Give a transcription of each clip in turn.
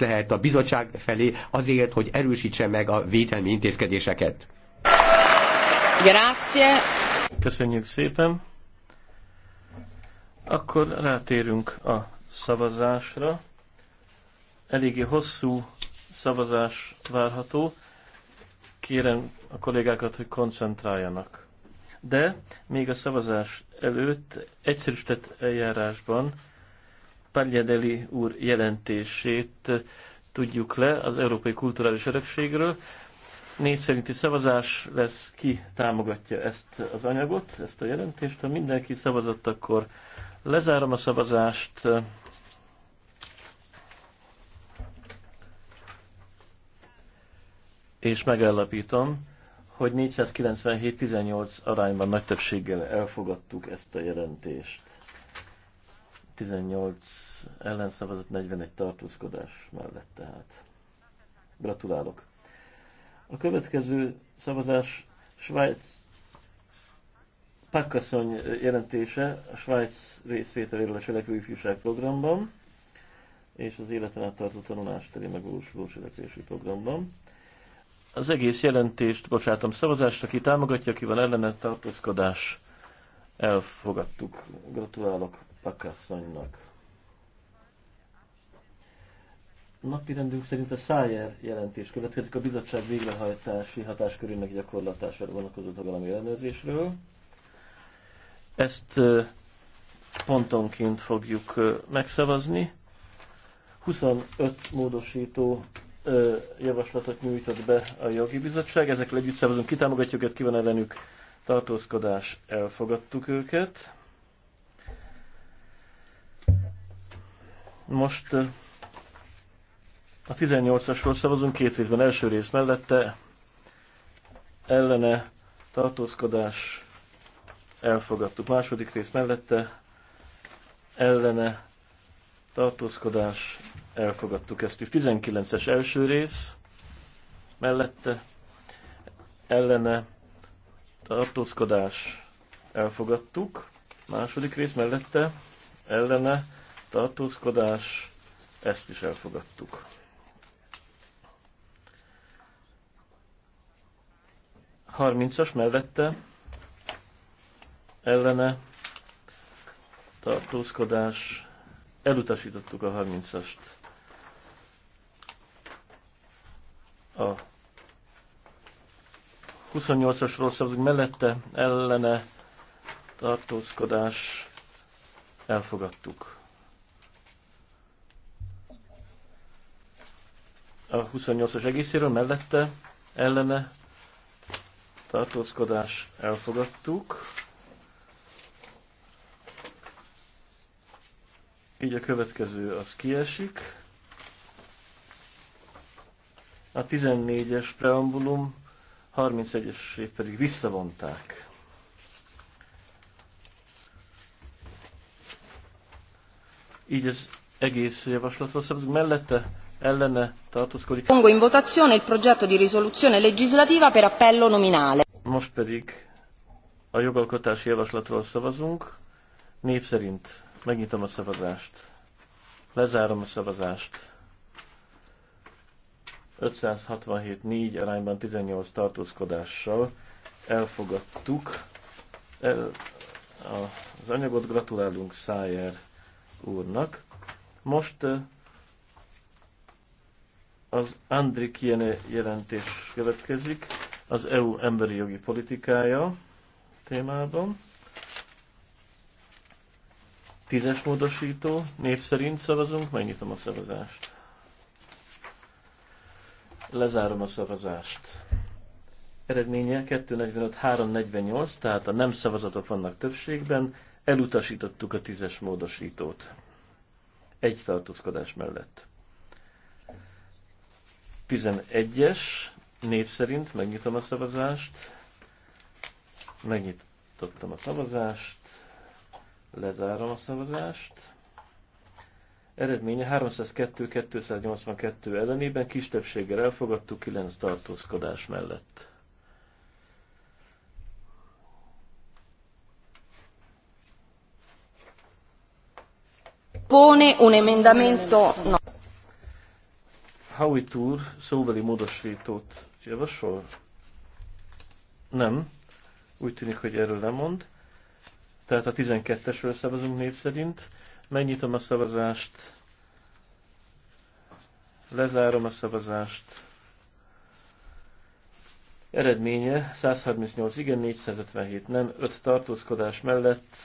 is lehet a bizottság felé azért, hogy erősítse meg a védelmi intézkedéseket. Grazie. Köszönjük szépen. Akkor rátérünk a szavazásra. Eléggé hosszú szavazás várható. Kérem a kollégákat, hogy koncentráljanak. De még a szavazás előtt egyszerűsített eljárásban Pagliadeli úr jelentését tudjuk le az Európai Kulturális Örökségről. Négy szerinti szavazás lesz, ki támogatja ezt az anyagot, ezt a jelentést. Ha mindenki szavazott, akkor lezárom a szavazást. És megállapítom, hogy 497-18 arányban nagy többséggel elfogadtuk ezt a jelentést. 18 ellenszavazat, 41 tartózkodás mellett tehát. Gratulálok! A következő szavazás Svájc Pakkasszony jelentése a Svájc részvételéről a Cselekvő Ifjúság programban és az életen át tartó tanulás terén megvalósuló cselekvési programban. Az egész jelentést bocsátom szavazást, aki támogatja, aki van ellene tartózkodás. Elfogadtuk. Gratulálok pakasszonynak. Napi rendünk szerint a Szájer jelentés következik a bizottság végrehajtási hatáskörének gyakorlatására vonatkozó tagállami ellenőrzésről. Ezt pontonként fogjuk megszavazni. 25 módosító javaslatot nyújtott be a jogi bizottság. Ezekkel együtt szavazunk, kitámogatjuk őket, ki van ellenük tartózkodás, elfogadtuk őket. Most a 18-asról szavazunk két részben. Első rész mellette ellene tartózkodás elfogadtuk. Második rész mellette ellene tartózkodás elfogadtuk ezt is. 19-es első rész mellette ellene tartózkodás elfogadtuk. Második rész mellette ellene tartózkodás, ezt is elfogadtuk. Harmincas mellette ellene tartózkodás, elutasítottuk a harmincast. A 28-asról szavazunk mellette, ellene tartózkodás, elfogadtuk. a 28-as egészéről mellette ellene tartózkodás elfogadtuk. Így a következő az kiesik. A 14-es preambulum 31-esét pedig visszavonták. Így az egész javaslatról szabadunk. Mellette ellene tartózkodik. Pongo in votazione il progetto di risoluzione legislativa per appello nominale. Most pedig a jogalkotási javaslatról szavazunk. Név szerint megnyitom a szavazást. Lezárom a szavazást. 567-4 arányban 18 tartózkodással elfogadtuk el az anyagot. Gratulálunk Szájer úrnak. Most eh, az Andri Kiene jelentés következik az EU emberi jogi politikája témában. Tízes módosító, név szerint szavazunk, megnyitom a szavazást. Lezárom a szavazást. Eredménye 245-348, tehát a nem szavazatok vannak többségben, elutasítottuk a tízes módosítót. Egy tartózkodás mellett. 11-es név szerint megnyitom a szavazást. Megnyitottam a szavazást. Lezárom a szavazást. Eredménye 302-282 ellenében kis többséggel elfogadtuk 9 tartózkodás mellett. Pone un emendamento no. Howitt úr szóbeli módosítót javasol? Nem. Úgy tűnik, hogy erről lemond. Tehát a 12-esről szavazunk név szerint. Megnyitom a szavazást. Lezárom a szavazást. Eredménye 138 igen, 457 nem, 5 tartózkodás mellett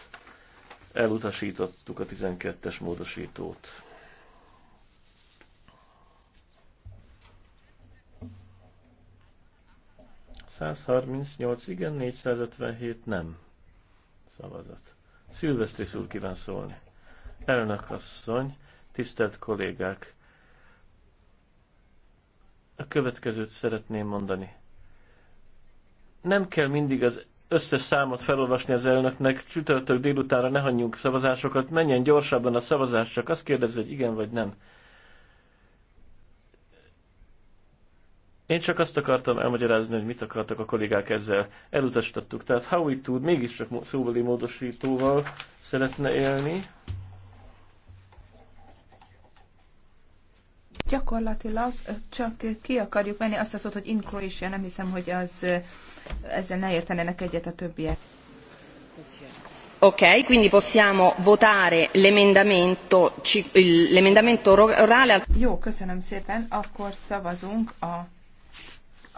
elutasítottuk a 12-es módosítót. 138 igen, 457 nem szavazat. Szilvesztris úr kíván szólni. Elnök asszony, tisztelt kollégák! A következőt szeretném mondani. Nem kell mindig az összes számot felolvasni az elnöknek, csütörtök délutánra ne hagyjunk szavazásokat, menjen gyorsabban a szavazás, csak azt kérdezze, hogy igen vagy nem. Én csak azt akartam elmagyarázni, hogy mit akartak a kollégák ezzel. Elutasítottuk. Tehát Howie Tud mégiscsak szóbeli módosítóval szeretne élni. Gyakorlatilag csak ki akarjuk venni azt a szót, hogy in Croatia. Nem hiszem, hogy az, ezzel ne értenének egyet a többiek. Ok, quindi possiamo votare l'emendamento, l'emendamento orale. Jó, köszönöm szépen. Akkor szavazunk a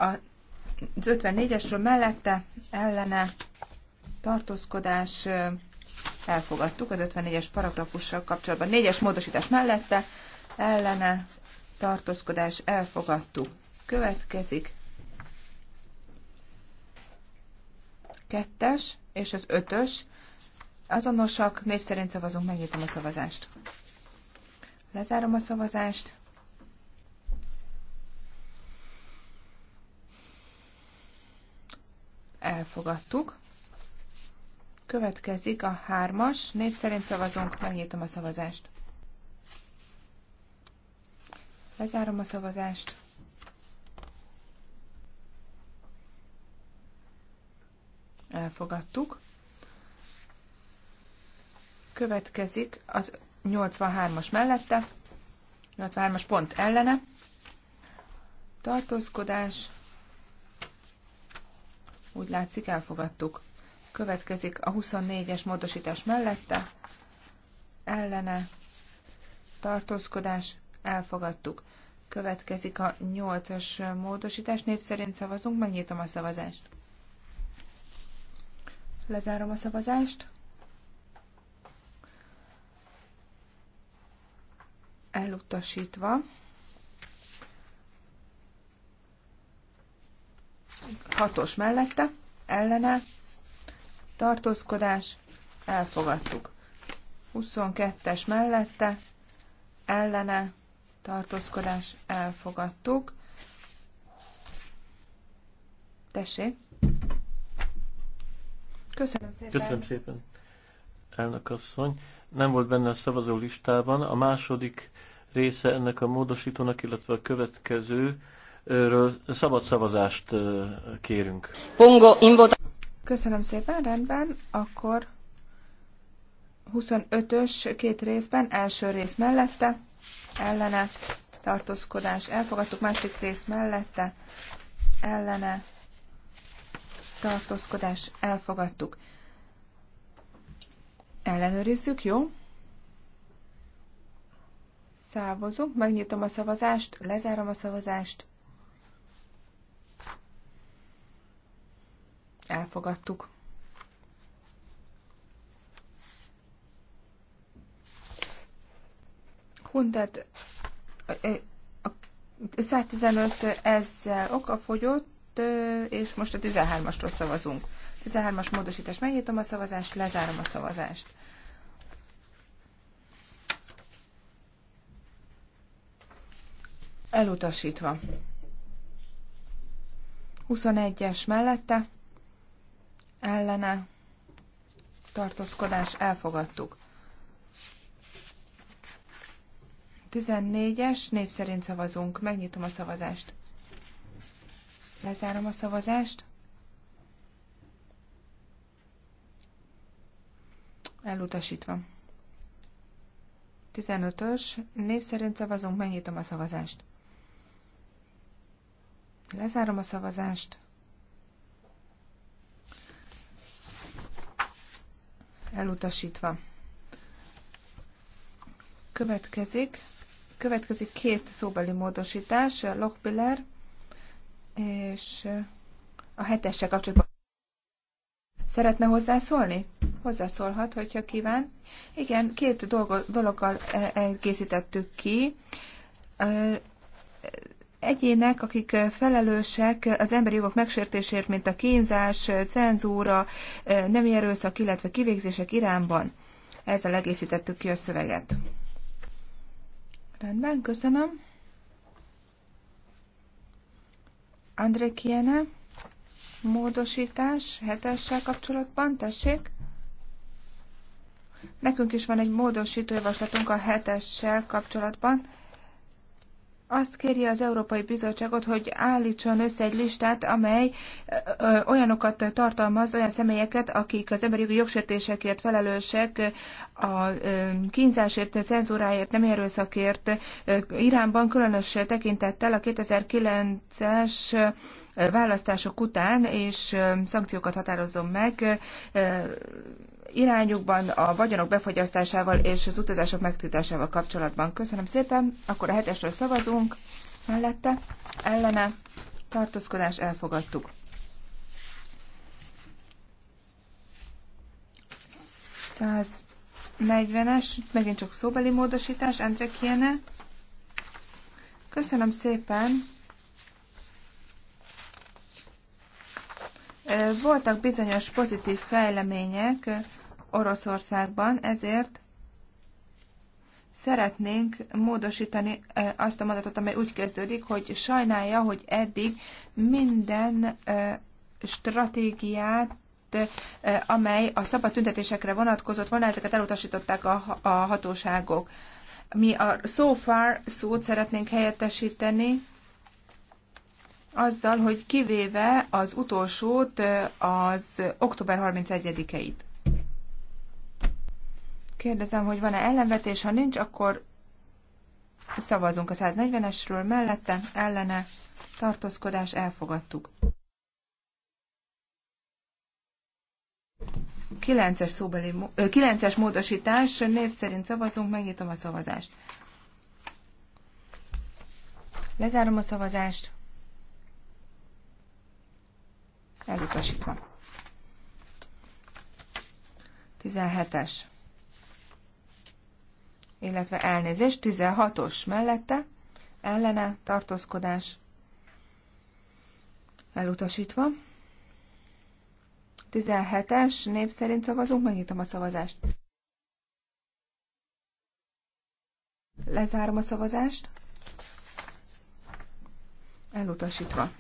az 54-esről mellette ellene tartózkodás elfogadtuk az 54-es paragrafussal kapcsolatban. 4-es módosítás mellette ellene tartózkodás elfogadtuk. Következik kettes és az ötös. Azonosak, név szerint szavazunk, megnyitom a szavazást. Lezárom a szavazást. elfogadtuk. Következik a hármas, név szerint szavazunk, megnyitom a szavazást. Lezárom a szavazást. Elfogadtuk. Következik az 83-as mellette, 83-as pont ellene. Tartózkodás, úgy látszik, elfogadtuk. Következik a 24-es módosítás mellette, ellene, tartózkodás, elfogadtuk. Következik a 8-as módosítás, név szerint szavazunk, megnyitom a szavazást. Lezárom a szavazást. Elutasítva. hatos mellette, ellene, tartózkodás, elfogadtuk. 22-es mellette, ellene, tartózkodás, elfogadtuk. Tessék. Köszönöm szépen. Köszönöm szépen, elnök asszony. Nem volt benne a szavazó listában. A második része ennek a módosítónak, illetve a következő ről szabad szavazást kérünk. Pongo invota. Köszönöm szépen, rendben. Akkor 25-ös két részben, első rész mellette, ellene, tartózkodás, elfogadtuk, Másik rész mellette, ellene, tartózkodás, elfogadtuk. Ellenőrizzük, jó? Szávozunk, megnyitom a szavazást, lezárom a szavazást. elfogadtuk. Hundet 115 ezzel fogyott, és most a 13-asról szavazunk. 13-as módosítás, megnyitom a szavazást, lezárom a szavazást. Elutasítva. 21-es mellette, ellene tartózkodás elfogadtuk. 14-es név szerint szavazunk. Megnyitom a szavazást. Lezárom a szavazást. Elutasítva. 15-ös név szerint szavazunk. Megnyitom a szavazást. Lezárom a szavazást. elutasítva. Következik, következik két szóbeli módosítás, Lochbiller és a hetessel kapcsolatban. Szeretne hozzászólni? Hozzászólhat, hogyha kíván. Igen, két dolgo, dologgal elkészítettük eh, ki eh, egyének, akik eh, felelősek eh, az emberi jogok megsértésért, mint a kínzás, eh, cenzúra, nem erőszak, illetve kivégzések Iránban. Ezzel egészítettük ki a szöveget. Rendben, köszönöm. André Kiene, módosítás, hetessel kapcsolatban, tessék. Nekünk is van egy módosító javaslatunk a hetessel kapcsolatban azt kéri az Európai Bizottságot, hogy állítson össze egy listát, amely olyanokat tartalmaz, olyan személyeket, akik az emberi jogi jogsértésekért felelősek, a kínzásért, a cenzúráért, nem erőszakért Iránban különös tekintettel a 2009-es választások után, és szankciókat határozzon meg irányukban a vagyonok befogyasztásával és az utazások megtiltásával kapcsolatban. Köszönöm szépen. Akkor a hetesről szavazunk. Mellette, ellene, tartózkodás elfogadtuk. Száz 40-es, megint csak szóbeli módosítás, Andre Kiene. Köszönöm szépen. Voltak bizonyos pozitív fejlemények, Oroszországban, ezért szeretnénk módosítani azt a mondatot, amely úgy kezdődik, hogy sajnálja, hogy eddig minden stratégiát amely a szabad tüntetésekre vonatkozott volna, ezeket elutasították a, a hatóságok. Mi a so far szót szeretnénk helyettesíteni azzal, hogy kivéve az utolsót, az október 31-eit. Kérdezem, hogy van-e ellenvetés, ha nincs, akkor szavazunk a 140-esről, mellette, ellene, tartózkodás, elfogadtuk. 9-es, szóbeli, 9-es módosítás, név szerint szavazunk, megnyitom a szavazást. Lezárom a szavazást. Elutasítva. 17-es illetve elnézés, 16-os mellette, ellene tartózkodás elutasítva. 17-es, név szerint szavazunk, megnyitom a szavazást. Lezárom a szavazást. Elutasítva.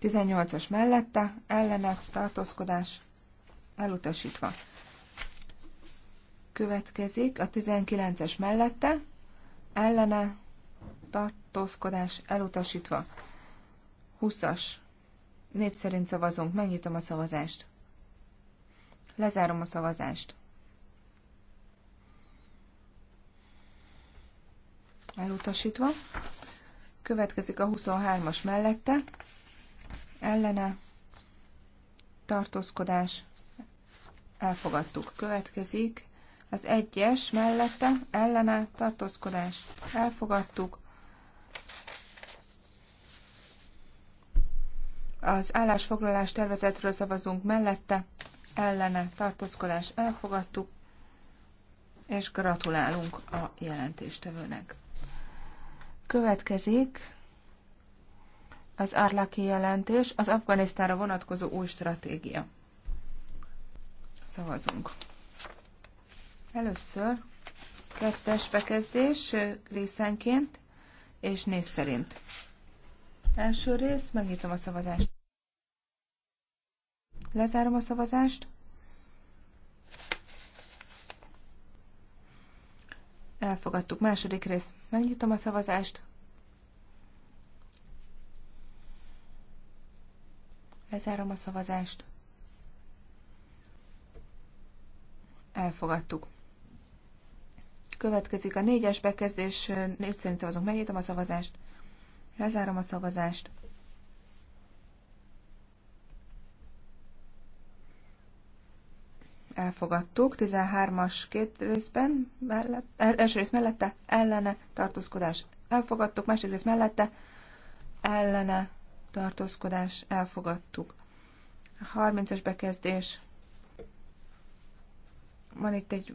18-as mellette, ellene tartózkodás elutasítva következik a 19-es mellette, ellene tartózkodás elutasítva. 20-as név szerint szavazunk, megnyitom a szavazást. Lezárom a szavazást. Elutasítva. Következik a 23-as mellette. Ellene tartózkodás elfogadtuk. Következik az egyes mellette ellene tartózkodás. Elfogadtuk. Az állásfoglalás tervezetről szavazunk mellette, ellene tartózkodás elfogadtuk, és gratulálunk a jelentéstevőnek. Következik az Arlaki jelentés, az Afganisztára vonatkozó új stratégia. Szavazunk. Először kettes bekezdés részenként és név szerint. Első rész, megnyitom a szavazást. Lezárom a szavazást. Elfogadtuk. Második rész. Megnyitom a szavazást. Lezárom a szavazást. Elfogadtuk. Következik a négyes bekezdés, négy szerint szavazunk, megnyitom a szavazást, lezárom a szavazást. Elfogadtuk, 13-as két részben, mellett, er, első rész mellette, ellene, tartózkodás, elfogadtuk, másik rész mellette, ellene, tartózkodás, elfogadtuk. 30 es bekezdés, van itt egy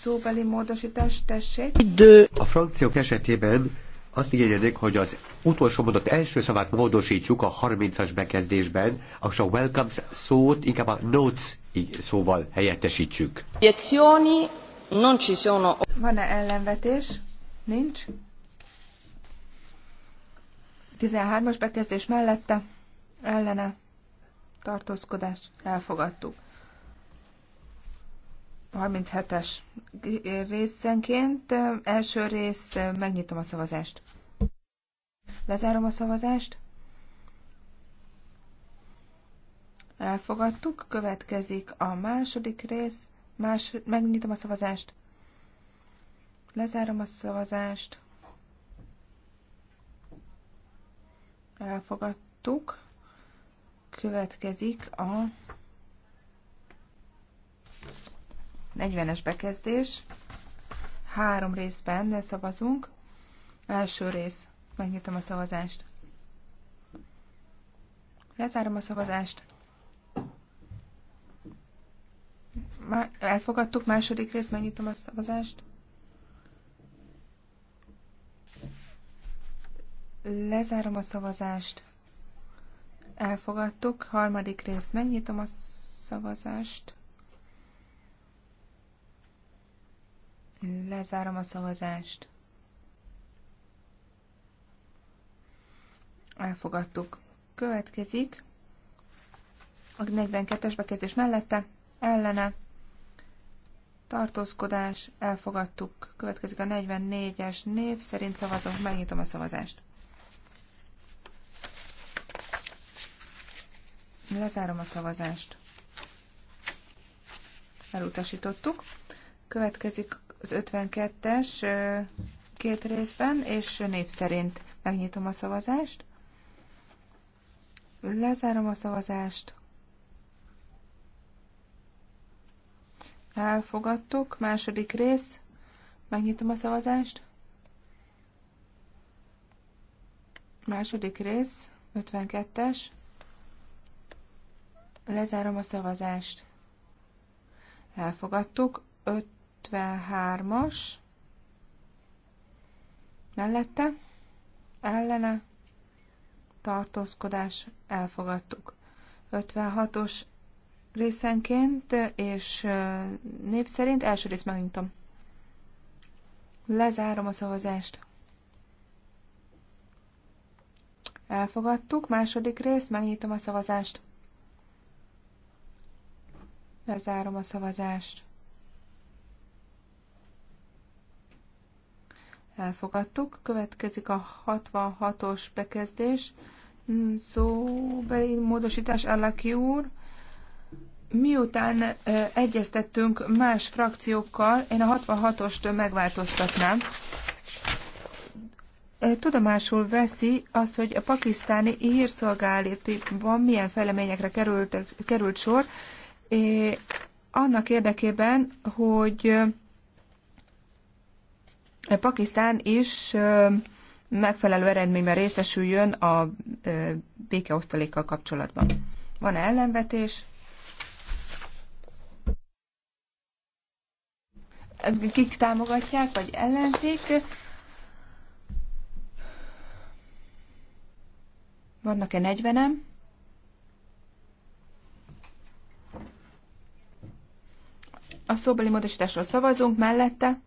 szóbeli módosítás, tessék. De a frakciók esetében azt igényedik, hogy az utolsó mondat első szavát módosítjuk a 30-as bekezdésben, és a welcomes szót inkább a notes szóval helyettesítsük. non ci sono. Van-e ellenvetés? Nincs. 13-as bekezdés mellette ellene tartózkodás elfogadtuk. 37-es részenként. Első rész, megnyitom a szavazást. Lezárom a szavazást. Elfogadtuk, következik a második rész. Más, megnyitom a szavazást. Lezárom a szavazást. Elfogadtuk. Következik a 40-es bekezdés. Három részben szavazunk. Első rész. Megnyitom a szavazást. Lezárom a szavazást. Elfogadtuk második részt, megnyitom a szavazást. Lezárom a szavazást. Elfogadtuk. Harmadik rész. Megnyitom a szavazást. Lezárom a szavazást. Elfogadtuk. Következik a 42-es bekezdés mellette, ellene, tartózkodás, elfogadtuk. Következik a 44-es név szerint szavazok megnyitom a szavazást. Lezárom a szavazást. Elutasítottuk. Következik az 52-es két részben, és név szerint megnyitom a szavazást. Lezárom a szavazást. Elfogadtuk. Második rész. Megnyitom a szavazást. Második rész, 52-es. Lezárom a szavazást. Elfogadtuk. 5 53-as mellette ellene tartózkodás elfogadtuk. 56-os részenként és név szerint első rész megnyitom. Lezárom a szavazást. Elfogadtuk. Második rész, megnyitom a szavazást. Lezárom a szavazást. elfogadtuk. Következik a 66-os bekezdés. Szóbeli módosítás Allaki úr. Miután egyeztettünk más frakciókkal, én a 66-ost megváltoztatnám. Tudomásul veszi az, hogy a pakisztáni hírszolgálatban milyen fejleményekre került, került sor, annak érdekében, hogy Pakisztán is megfelelő eredményben részesüljön a békeosztalékkal kapcsolatban. Van-e ellenvetés? Kik támogatják, vagy ellenzik? Vannak-e 40 A szóbeli módosításról szavazunk, mellette?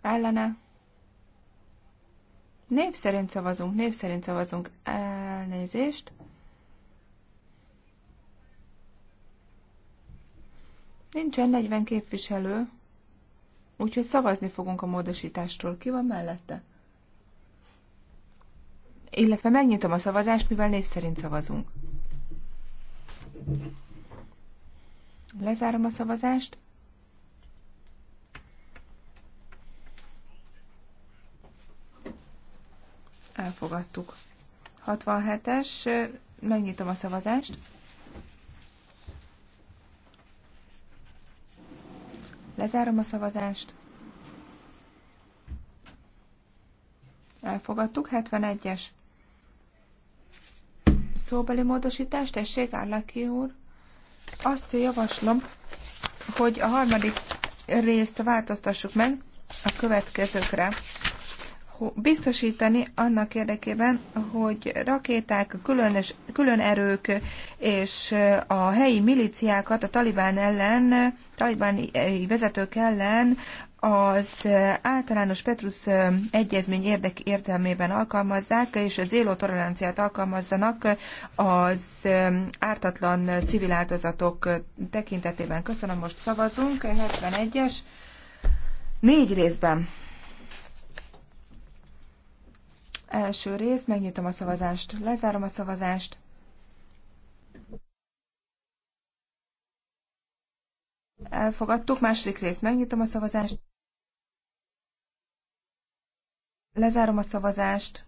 ellene. Név szerint szavazunk, név szerint szavazunk. Elnézést. Nincsen 40 képviselő, úgyhogy szavazni fogunk a módosításról. Ki van mellette? Illetve megnyitom a szavazást, mivel név szerint szavazunk. Lezárom a szavazást. Elfogadtuk. 67-es, megnyitom a szavazást. Lezárom a szavazást. Elfogadtuk. 71-es. Szóbeli módosítás, tessék, Árlaki úr. Azt javaslom, hogy a harmadik részt változtassuk meg a következőkre biztosítani annak érdekében, hogy rakéták, különös, külön erők és a helyi miliciákat a talibán ellen, talibáni eh, vezetők ellen az általános Petrus eh, egyezmény érdek értelmében alkalmazzák, és az éló toleranciát alkalmazzanak az eh, ártatlan civil áldozatok tekintetében. Köszönöm, most szavazunk. 71-es. Négy részben. Első rész, megnyitom a szavazást, lezárom a szavazást. Elfogadtuk. Második rész, megnyitom a szavazást. Lezárom a szavazást.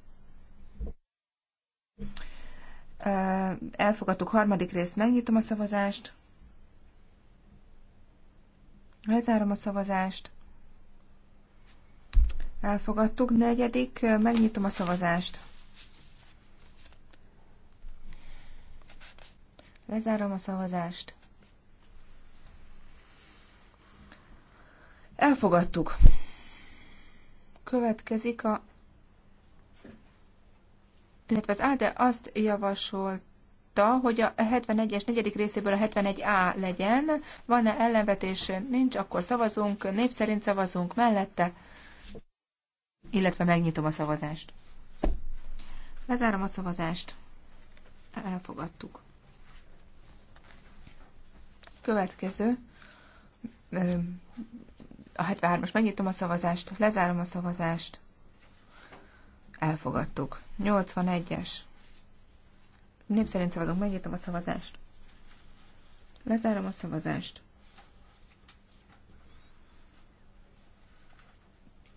Elfogadtuk. Harmadik rész, megnyitom a szavazást. Lezárom a szavazást. Elfogadtuk. Negyedik, megnyitom a szavazást. Lezárom a szavazást. Elfogadtuk. Következik a... Illetve az Áde azt javasolta, hogy a 71-es negyedik részéből a 71A legyen. Van-e ellenvetés? Nincs, akkor szavazunk. Név szerint szavazunk mellette illetve megnyitom a szavazást. Lezárom a szavazást. Elfogadtuk. Következő. A 73-as. Megnyitom a szavazást. Lezárom a szavazást. Elfogadtuk. 81-es. Népszerint szavazunk. Megnyitom a szavazást. Lezárom a szavazást.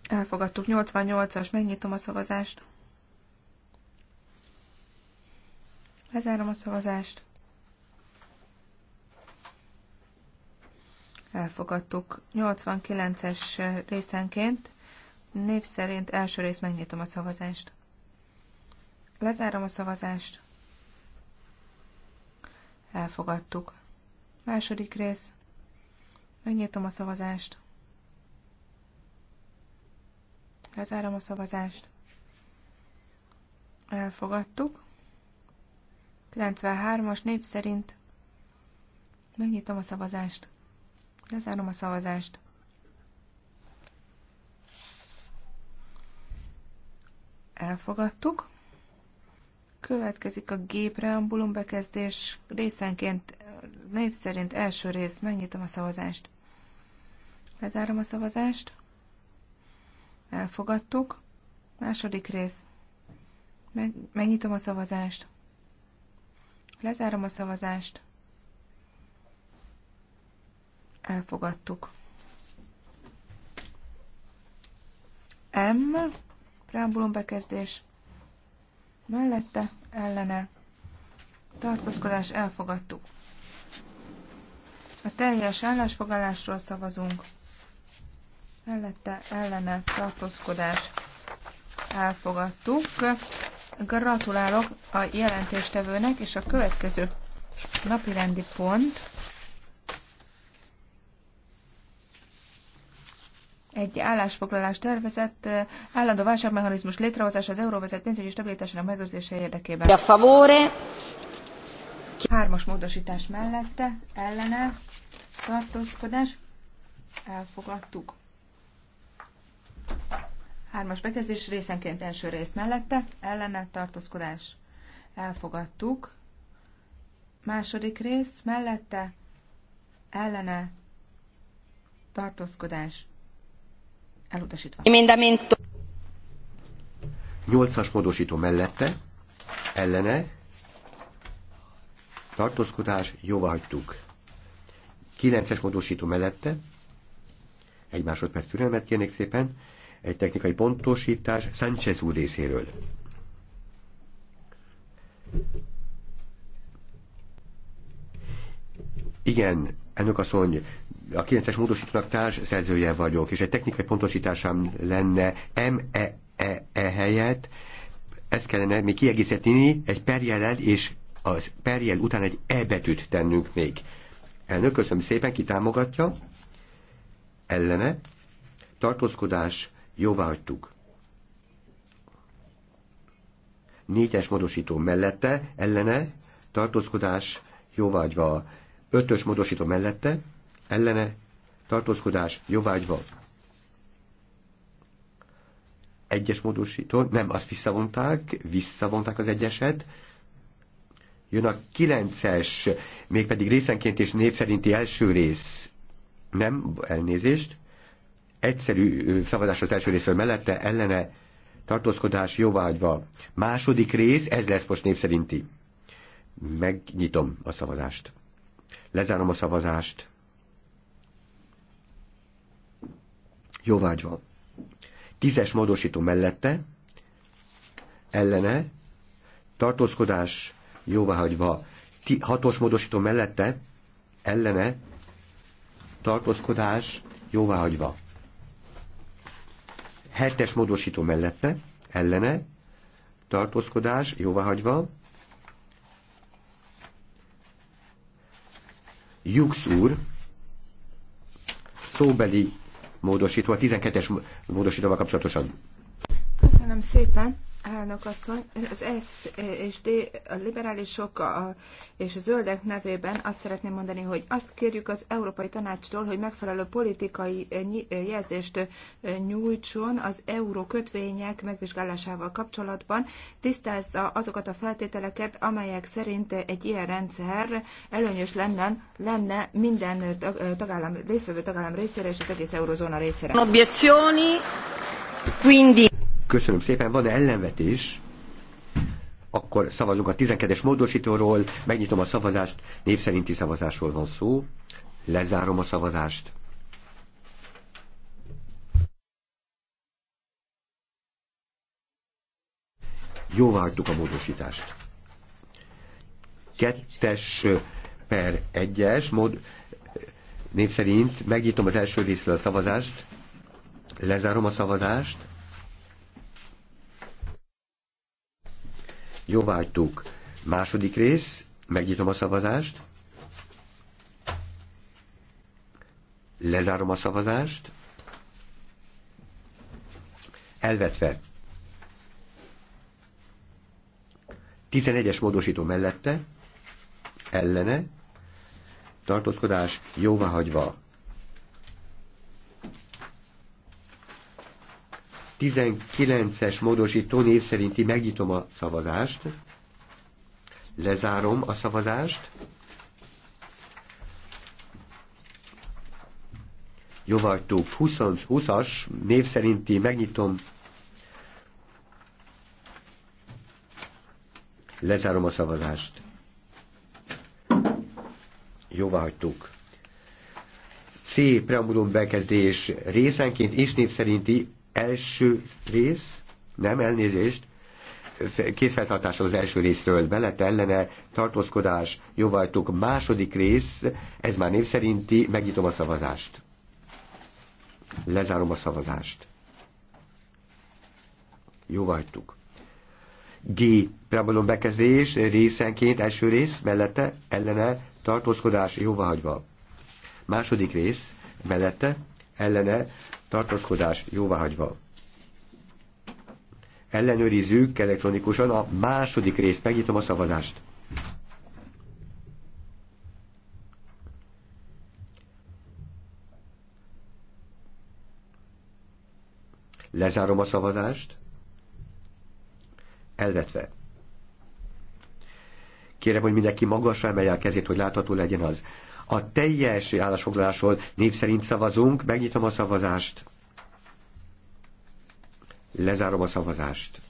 Elfogadtuk 88-as, megnyitom a szavazást. Lezárom a szavazást. Elfogadtuk 89-es részenként. Név szerint első rész megnyitom a szavazást. Lezárom a szavazást. Elfogadtuk. Második rész. Megnyitom a szavazást. Lezárom a szavazást. Elfogadtuk. 93-as név szerint megnyitom a szavazást. Lezárom a szavazást. Elfogadtuk. Következik a gépreambulum bekezdés részenként név szerint első rész. Megnyitom a szavazást. Lezárom a szavazást. Elfogadtuk. Második rész. Megnyitom a szavazást. Lezárom a szavazást. Elfogadtuk. M. Preambulum bekezdés. Mellette, ellene. Tartózkodás elfogadtuk. A teljes állásfogalásról szavazunk mellette ellene tartózkodás elfogadtuk. Gratulálok a jelentéstevőnek, és a következő napirendi pont egy állásfoglalás tervezett eh, állandó válságmechanizmus létrehozása az euróvezet pénzügyi stabilitásának megőrzése érdekében. A favore. Hármas módosítás mellette, ellene, tartózkodás, elfogadtuk. Hármas bekezdés részenként első rész mellette, ellene tartózkodás. Elfogadtuk. Második rész mellette, ellene tartózkodás. Elutasítva. Nyolcas módosító mellette, ellene tartózkodás, jóvá hagytuk. Kilences módosító mellette, egy másodperc türelmet kérnék szépen, egy technikai pontosítás Sánchez úr részéről. Igen, ennek asszony, a 9-es módosítónak társ szerzője vagyok, és egy technikai pontosításám lenne M e, e E helyett, ezt kellene még kiegészíteni egy perjelel, és az perjel után egy E betűt tennünk még. Elnök, köszönöm szépen, ki támogatja? Ellene? Tartózkodás Jóvá hagytuk. Négyes módosító mellette, ellene, tartózkodás jóvágyva. Ötös módosító mellette, ellene, tartózkodás jóvágyva. Egyes módosító, nem, azt visszavonták, visszavonták az egyeset, jön a kilences, mégpedig részenként és név szerinti első rész. Nem, elnézést egyszerű szavazás az első részről mellette, ellene tartózkodás jóvágyva. Második rész, ez lesz most név szerinti. Megnyitom a szavazást. Lezárom a szavazást. Jóvágyva. Tízes módosító mellette, ellene, tartózkodás jóváhagyva. Hatos módosító mellette, ellene, tartózkodás jóváhagyva. Hetes módosító mellette, ellene, tartózkodás, jóváhagyva. Jux úr, szóbeli módosító, a 12-es módosítóval kapcsolatosan. Köszönöm szépen. Elnök asszony, az S és D a liberálisok a, és a zöldek nevében azt szeretném mondani, hogy azt kérjük az Európai Tanácstól, hogy megfelelő politikai jelzést nyújtson az euró kötvények megvizsgálásával kapcsolatban, tisztázza azokat a feltételeket, amelyek szerint egy ilyen rendszer előnyös lenne, lenne minden tagállam, részvevő tagállam részére és az egész eurozóna részére. Obiezioni, quindi... Köszönöm szépen. Van-e ellenvetés? Akkor szavazunk a 12-es módosítóról. Megnyitom a szavazást. Név szerinti szavazásról van szó. Lezárom a szavazást. Jóvá a módosítást. Kettes per egyes mód, név szerint megnyitom az első részről a szavazást, lezárom a szavazást, Jóvágytuk. Második rész, megnyitom a szavazást. Lezárom a szavazást. Elvetve. 11-es módosító mellette, ellene, tartózkodás jóváhagyva. 19-es módosító név szerinti megnyitom a szavazást, lezárom a szavazást, jóvajtók 20-as név szerinti megnyitom, lezárom a szavazást, jóváhagytuk. C. Preambulum bekezdés részenként és név szerinti Első rész, nem elnézést, készfeltartás az első részről, mellett ellene tartózkodás, jóvajtok, második rész, ez már név szerinti, megnyitom a szavazást. Lezárom a szavazást. Jóvajtuk. G. Prabalom bekezdés részenként első rész, mellette ellene tartózkodás jóvahagyva. Második rész, mellette ellene tartózkodás jóváhagyva. Ellenőrizzük elektronikusan a második részt, megnyitom a szavazást. Lezárom a szavazást. Elvetve. Kérem, hogy mindenki magasra emelje a kezét, hogy látható legyen az. A teljes állásfoglalásról név szerint szavazunk. Megnyitom a szavazást. Lezárom a szavazást.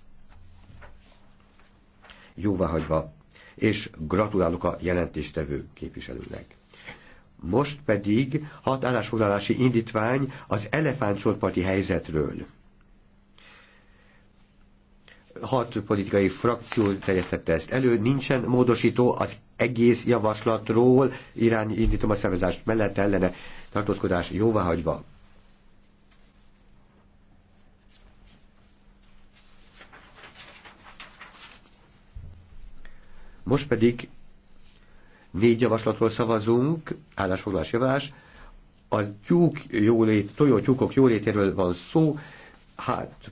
Jóváhagyva. És gratulálok a jelentéstevő képviselőnek. Most pedig hat állásfoglalási indítvány az elefántsorparti helyzetről hat politikai frakció terjesztette ezt elő, nincsen módosító az egész javaslatról, irány indítom a szervezást mellett ellene tartózkodás jóváhagyva. Most pedig négy javaslatról szavazunk, állásfoglalás javás, a tyúk jólét, tyúkok jólétéről van szó, hat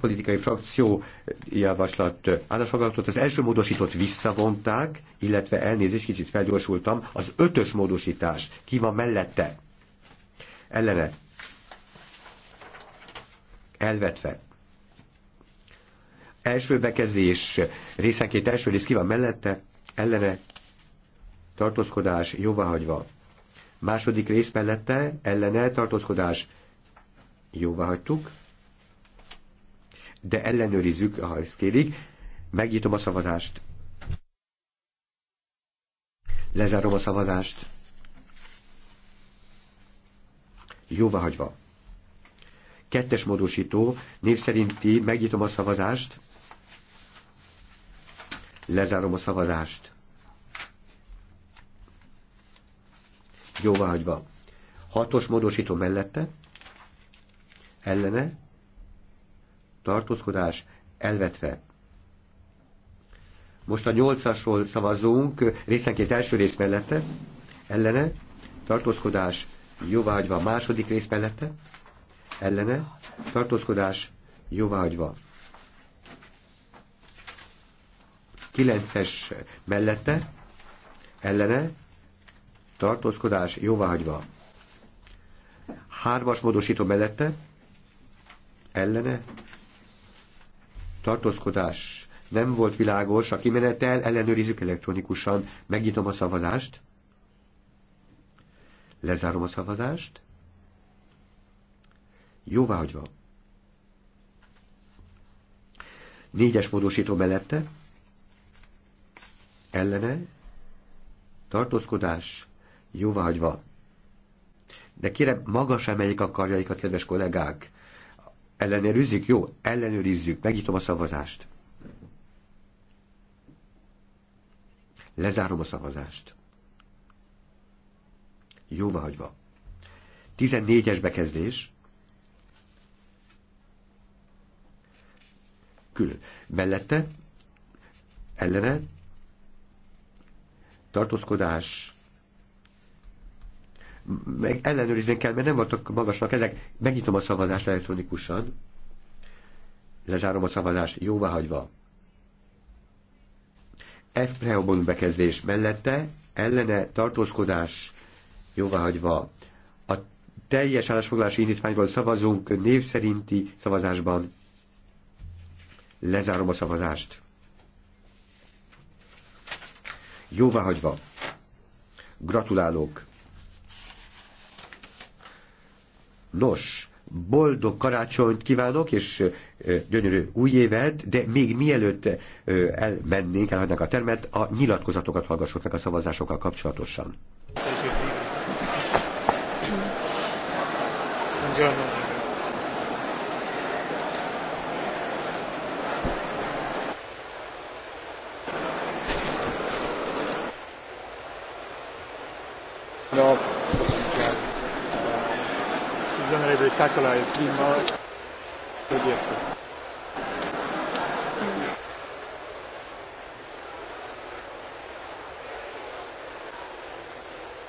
politikai frakció javaslat állásfoglaltot, az első módosítót visszavonták, illetve elnézést, kicsit felgyorsultam, az ötös módosítás, ki van mellette? Ellene. Elvetve. Első bekezdés részenként első rész ki van mellette? Ellene. Tartózkodás jóváhagyva. Második rész mellette ellene tartózkodás jóváhagytuk de ellenőrizzük, ha ezt kérik. Megnyitom a szavazást. Lezárom a szavazást. Jóvá hagyva. Kettes módosító, név szerinti, megnyitom a szavazást. Lezárom a szavazást. Jóvá hagyva. Hatos módosító mellette. Ellene tartózkodás elvetve. Most a nyolcasról szavazunk, részenként első rész mellette, ellene, tartózkodás jóváhagyva második rész mellette, ellene, tartózkodás jóváhagyva. Kilences mellette, ellene, tartózkodás jóváhagyva. Hármas módosító mellette, ellene, tartózkodás nem volt világos, a kimenetel ellenőrizzük elektronikusan, megnyitom a szavazást, lezárom a szavazást, hagyva. Négyes módosító mellette, ellene, tartózkodás, hagyva. De kérem, magas emeljék a karjaikat, kedves kollégák. Ellenőrizzük? Jó, ellenőrizzük. Megnyitom a szavazást. Lezárom a szavazást. Jóva hagyva. 14-es bekezdés. Külön. Mellette, ellene, tartózkodás, meg ellenőrizni kell, mert nem voltak magasak ezek. Megnyitom a szavazást elektronikusan. Lezárom a szavazást, jóváhagyva. hagyva. F preobon bekezdés mellette, ellene tartózkodás jóváhagyva. A teljes állásfoglalási indítványról szavazunk név szerinti szavazásban. Lezárom a szavazást. Jóváhagyva. Gratulálok! Nos, boldog karácsonyt kívánok, és gyönyörű új éved, de még mielőtt elmennénk, elhagynak a termet, a nyilatkozatokat hallgassuk meg a szavazásokkal kapcsolatosan. Köszönöm. No. tackle a climat. Hogy érted?